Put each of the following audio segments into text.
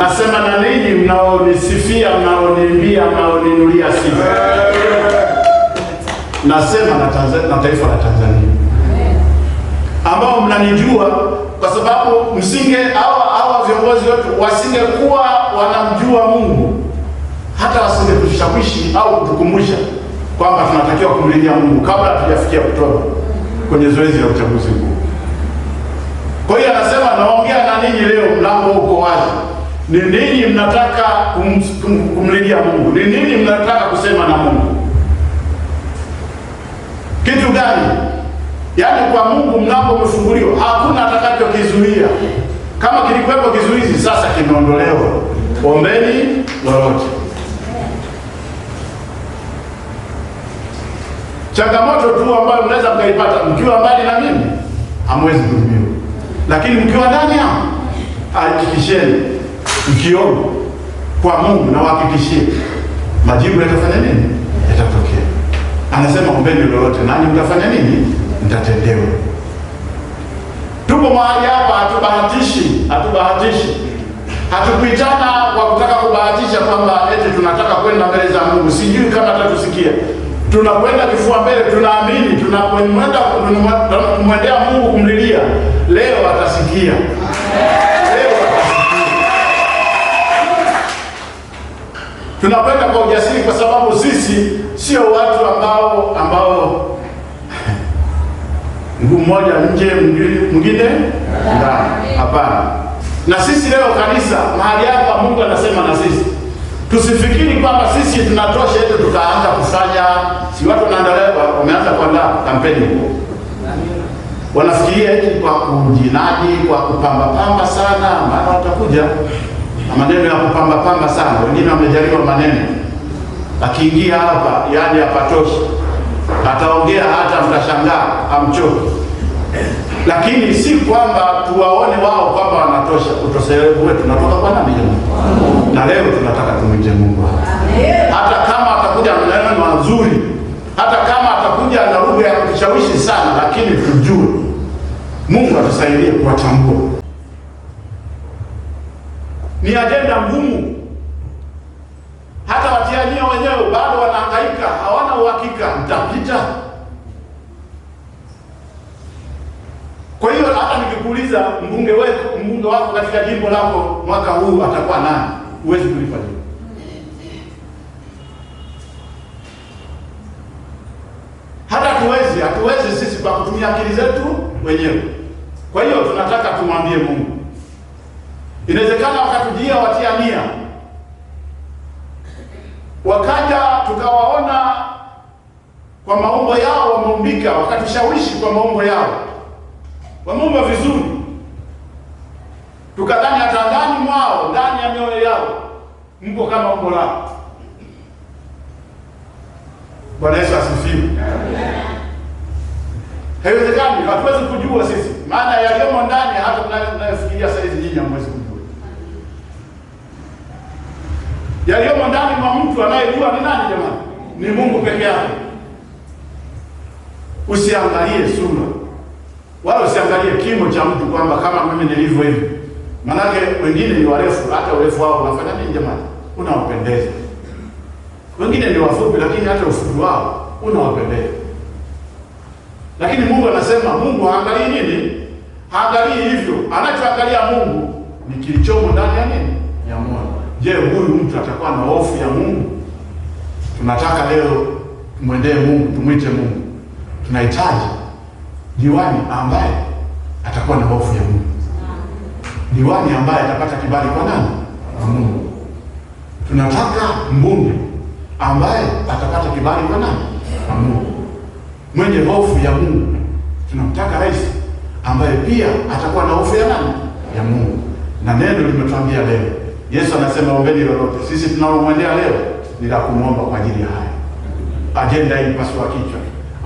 Nasema na ninyi mnaonisifia, mnaonimbia, mnaoninulia sifa, nasema na taifa la Tanzania ambao mnanijua kwa sababu msinge hawa viongozi wetu wasingekuwa wanamjua Mungu, hata wasingetushawishi au kutukumbusha kwamba tunatakiwa kumlilia Mungu kabla hatujafikia kutoka kwenye zoezi la uchaguzi huu. Kwa hiyo anasema, naongea na ninyi leo, mlango uko wazi. Ni nini mnataka kum, kum, kumlilia Mungu? Ni nini mnataka kusema na Mungu? Kitu gani? Yaani kwa Mungu mlango umefunguliwa, hakuna atakachokizuia. Kama kilikuwepo kizuizi, sasa kimeondolewa. Ombeni lolote. Changamoto tu ambayo mnaweza mkaipata mkiwa mbali na mimi, hamwezi kuhudumiwa, lakini mkiwa ndani hapo, hakikisheni mkiomba kwa Mungu na wahakikishie majibu yatafanya nini, yatatokea. Anasema ombeni lolote, nani mtafanya nini, mtatendewa tupo mahali hapa, hatubahatishi, hatubahatishi, hatukuitana kwa kutaka kubahatisha kwamba eti tunataka kwenda mbele za Mungu. Sijui kama atatusikia tunakwenda kifua mbele, tunaamini tunamwenda kumwendea Mungu kumlilia. Leo atasikia, leo atasikia. Tunakwenda kwa ujasiri, kwa sababu sisi sio watu ambao ambao mguu mmoja nje, mwingine ndani. Hapana. Na sisi leo kanisa, mahali hapa, Mungu anasema na sisi tusifikiri kwamba sisi tunatosha yetu tukaanza kufanya. Si watu wanaendelea, wameanza kuandaa kampeni huko, wanafikiria eti kwa kujinadi, kwa pamba sana, maana watakuja na maneno ya pamba sana. Wengine wamejaliwa maneno, akiingia hapa yani hapatoshi, ataongea hata mtashangaa, amchoki lakini si kwamba tuwaone wao kwamba wanatosha. Utoshelevu wetu natoka kwa nani? Na leo tunataka tumwite Mungu, hata kama atakuja maneno mazuri, hata kama atakuja na lugha ya kutushawishi sana, lakini tujue Mungu atusaidie kuwatambua. Ni ajenda ngumu, hata watiania wenyewe bado wanahangaika, hawana uhakika mtapita Kwa hiyo hata nikikuuliza mbunge wetu, mbunge wako katika jimbo lako mwaka huu atakuwa nani, huwezi kulipa jibu. Hata hatuwezi hatuwezi sisi kwa kutumia akili zetu wenyewe. Kwa hiyo tunataka tumwambie Mungu, inawezekana wakatujia watia nia, wakaja tukawaona kwa maumbo yao wameumbika, wakatushawishi kwa maumbo yao wameomba vizuri, tukadhani hata ndani mwao, ndani ya mioyo yao mko kama umbo lao. Bwana Yesu asifiwe. Haiwezekani, hatuwezi kujua sisi maana yaliyomo ndani, hata tunayofikiria saa hizi nyinyi hamwezi kujua yaliyomo ndani mwa mtu. Anayejua ni nani jamani? Ni Mungu peke yake. Usiangalie sura Wala usiangalie kimo cha mtu kwamba kama mimi nilivyo hivi. Manake wengine ni warefu, hata urefu wao unafanya nini jamani? Unawapendeza. Wengine ni wafupi, lakini hata ufupi wao unawapendeza. Lakini Mungu anasema, Mungu haangalii nini? Haangalii hivyo. Anachoangalia Mungu ni kilichomo ndani ya nini? Ya moyo. Je, huyu mtu atakuwa na hofu ya Mungu? Tunataka leo tumwendee Mungu, tumwite Mungu, tunahitaji diwani ambaye atakuwa na hofu ya Mungu, diwani ambaye atapata kibali kwa nani? Kwa Mungu. Tunataka mbunge ambaye atapata kibali kwa nani? Kwa Mungu, mwenye hofu ya Mungu. Tunamtaka rais ambaye pia atakuwa na hofu ya nani? Ya Mungu. Na neno limetuambia leo, Yesu anasema ombeni lolote. Sisi tunalomwendea leo ni la kumwomba kwa ajili ya haya. Ajenda hii kichwa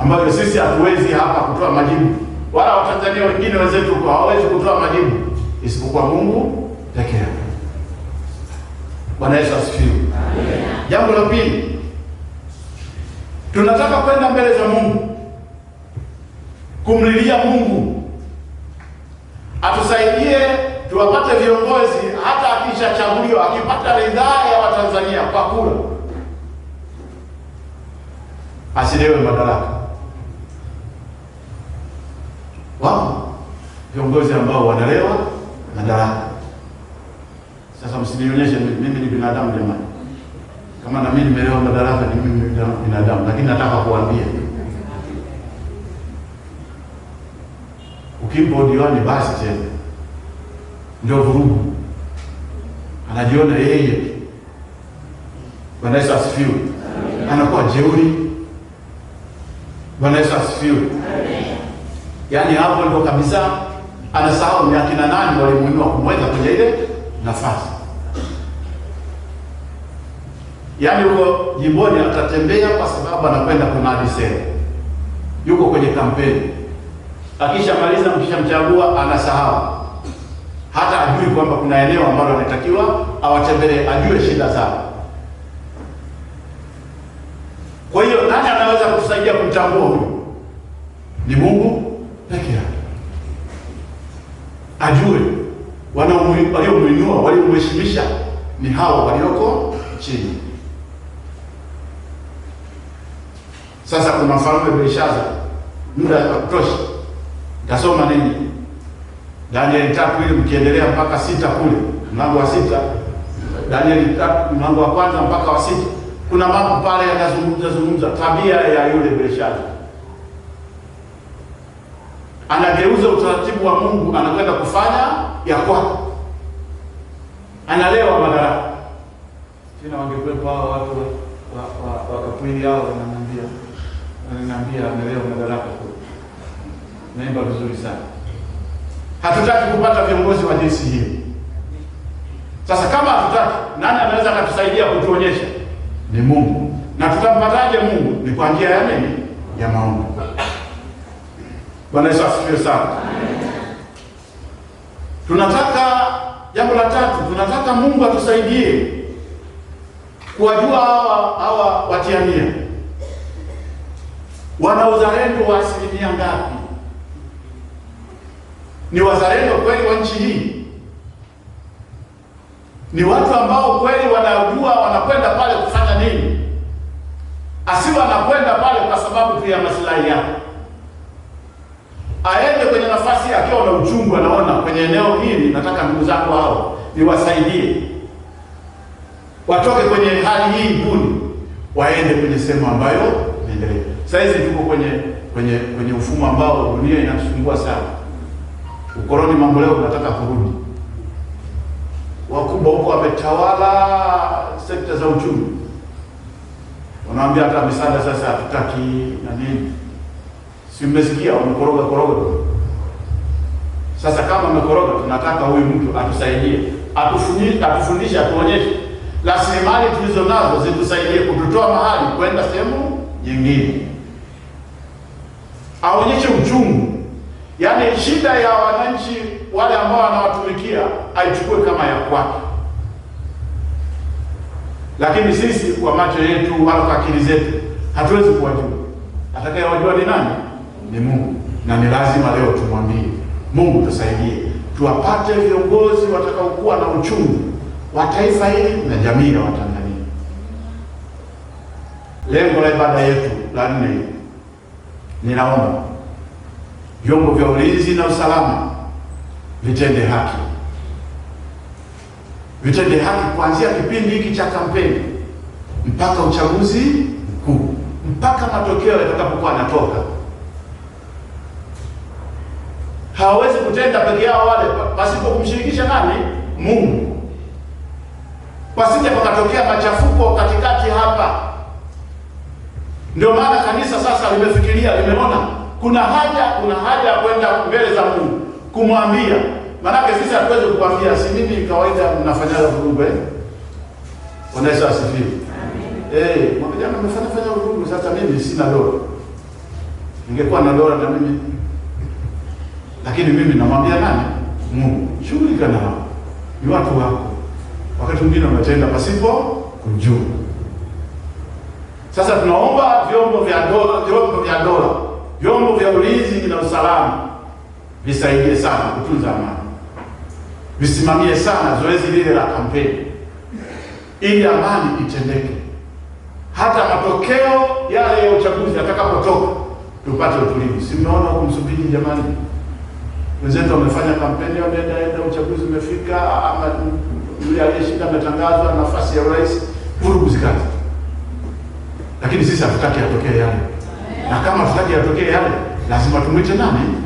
ambayo sisi hatuwezi hapa kutoa majibu, wala Watanzania wengine wenzetu kwa hawawezi kutoa majibu isipokuwa Mungu pekee yake. Bwana Yesu asifiwe. Amen. Jambo la pili, tunataka kwenda mbele za Mungu kumlilia Mungu atusaidie tuwapate viongozi, hata akishachaguliwa akipata ridhaa ya Watanzania kwa kura asilewe madaraka. viongozi ambao wanalewa madaraka. Sasa msinionyeshe mimi ni binadamu jamani, kama na mimi nimelewa madaraka, ni mimi binadamu, lakini nataka kuambia ukimpa diwani basi tena ndio vurugu, anajiona yeye. Bwana Yesu asifiwe, anakuwa jeuri. Bwana Yesu asifiwe. Yaani hapo ndio kabisa anasahau ni akina nani walimuinua kumweka kwenye ile nafasi. Yaani huko jimboni atatembea kwa sababu anakwenda kunadi sera, yuko kwenye kampeni, akishamaliza mkishamchagua anasahau, hata ajui kwamba kuna eneo ambalo anatakiwa awatembelee, ajue shida zao. Kwa hiyo nani anaweza kusaidia kumtambua huyu? Ni Mungu peke yake ajue waliomwinua waliomheshimisha ni hawa walioko chini. Sasa kuna mfalme Belshaza, muda wa kutosha nitasoma nini Danieli tatu ile mkiendelea mpaka sita kule mlango wa sita Danieli tatu mlango wa kwanza mpaka wa sita kuna mambo pale yanazungumza zungumza tabia ya yule Belshaza anageuza utaratibu wa Mungu anakwenda kufanya ya kwako, analewa madaraka tena. Wangekwepo hao watu wakapwili hao, wananiambia wananiambia analewa madaraka, naimba vizuri sana. Hatutaki kupata viongozi wa jinsi hiyo. Sasa kama hatutaki, nani anaweza akatusaidia kutuonyesha? Ni Mungu. Na tutampataje Mungu? Ni kwa njia ya nini? Ya maombi. Bwana Yesu asifiwe sana. Tunataka jambo la tatu, tunataka Mungu atusaidie kuwajua hawa hawa watia nia, wana uzalendo wa asilimia ngapi? Ni wazalendo kweli wa nchi hii? Ni watu ambao kweli wanajua wanakwenda pale kufanya nini, Asiwa anakwenda pale kwa sababu tu ya maslahi yao aende kwenye nafasi akiwa na uchungu, anaona kwenye eneo hili nataka ndugu zako hao niwasaidie watoke kwenye hali hii nguni, waende kwenye sehemu ambayo inaendelea. Sasa hizi tuko kwenye kwenye kwenye ufumo ambao dunia inatusumbua sana, ukoloni mambo leo unataka kurudi, wakubwa huko wametawala sekta za uchumi, wanaambia hata misaada sasa hatutaki na nini si mmesikia wamekoroga koroga. Sasa kama amekoroga, tunataka huyu mtu atusaidie, atufundishe, atuonyeshe rasilimali tulizo nazo zitusaidie kututoa mahali kwenda sehemu nyingine, aonyeshe uchungu. Yaani shida ya wananchi wale ambao wanawatumikia aichukue kama ya kwake, lakini sisi kwa macho yetu wala kwa akili zetu hatuwezi kuwajua. Atakayewajua ni nani? ni Mungu, na ni lazima leo tumwambie Mungu, tusaidie tuwapate viongozi watakaokuwa na uchungu wa taifa hili na jamii ya Watanzania. Lengo la ibada yetu la nne, ninaomba vyombo vya ulinzi na usalama vitende haki, vitende haki kuanzia kipindi hiki cha kampeni mpaka uchaguzi mkuu, mpaka matokeo yatakapokuwa yanatoka. kutenda peke yao wale pasipo kumshirikisha nani? Mungu, pasije pakatokea machafuko katikati hapa. Ndio maana kanisa sasa limefikiria, limeona kuna haja, kuna haja ya kwenda mbele za Mungu kumwambia, maanake sisi hatuwezi kukwambia. Si mimi kawaida mnafanyaga vurugu eh? Unaweza asifiwe. Eh, mwambie jamaa, mmefanya fanya vurugu, sasa mimi sina dola. Ningekuwa na dola na mimi lakini mimi namwambia nani? Mungu, shughulika hapo ni watu wako. Wakati mwingine wanatenda pasipo kujua. Sasa tunaomba vyombo vya dola, vyombo vya dola, vyombo vya ulinzi na usalama visaidie sana kutunza amani, visimamie sana zoezi lile la kampeni ili amani itendeke, hata matokeo yale ya uchaguzi atakapotoka tupate utulivu. Si mnaona kumsubiri jamani? wenzetu wamefanya kampeni, wameenda enda, uchaguzi umefika, ama yule aliyeshinda ametangazwa nafasi ya urais, vurugu zikazi. Lakini sisi hatutaki yatokee yale, na kama hatutaki yatokee yale, lazima tumwite nani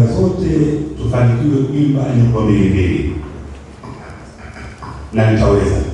baraka zote tufanikiwe kuimba nyimbo mbili mbili, na nitaweza